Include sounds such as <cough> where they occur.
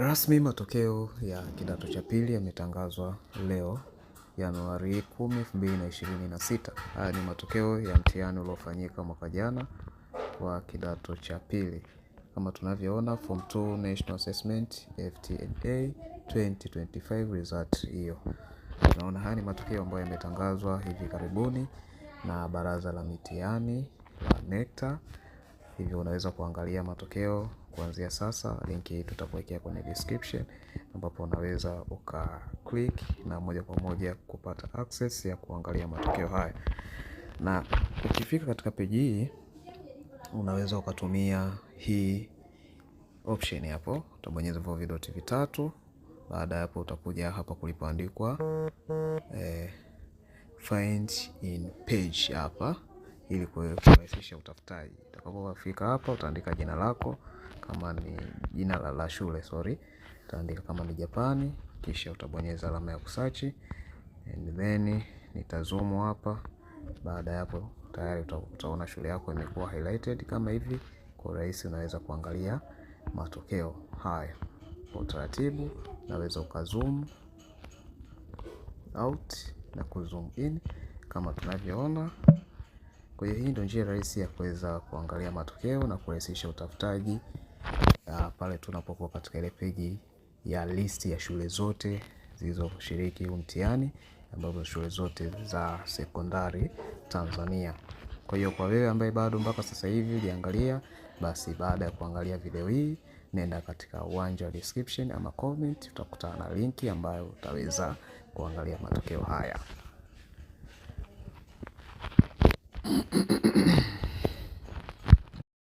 Rasmi matokeo ya kidato cha pili yametangazwa leo Januari 10, 2026. Haya ni matokeo ya mtihani uliofanyika mwaka jana wa kidato cha pili. Kama tunavyoona Form 2 National Assessment FTNA 2025 result hiyo. Tunaona haya ni matokeo ambayo yametangazwa hivi karibuni na Baraza la Mitihani la NECTA. Hivyo unaweza kuangalia matokeo kuanzia sasa linki hii tutakuwekea kwenye description, ambapo unaweza uka click na moja kwa moja kupata access ya kuangalia matokeo haya, na ukifika katika peji hii unaweza ukatumia hii option hapo, utabonyeza hivyo vidoti vitatu. Baada ya hapo utakuja hapa kulipoandikwa eh, find in page hapa ili kurahisisha utafutaji. Utakapofika hapa utaandika jina lako kama ni jina la, la shule sorry, utaandika kama ni Japani, kisha utabonyeza alama ya kusachi and then nitazumu hapa. Baada ya hapo tayari utaona shule yako imekuwa highlighted kama hivi. Kwa urahisi unaweza kuangalia matokeo haya kwa utaratibu. Naweza ukazoom out na kuzoom in kama tunavyoona. Kwa hiyo hii ndio njia rahisi ya kuweza kuangalia matokeo na kurahisisha utafutaji uh, pale tunapokuwa katika ile peji ya listi ya shule zote zilizoshiriki huu mtihani ambazo shule zote za sekondari Tanzania. Kwa hiyo kwa wewe ambaye bado mpaka sasa hivi ujaangalia, basi baada ya kuangalia video hii, nenda katika uwanja wa description ama comment, utakutana na linki ambayo utaweza kuangalia matokeo haya. Mm-hmm. <coughs>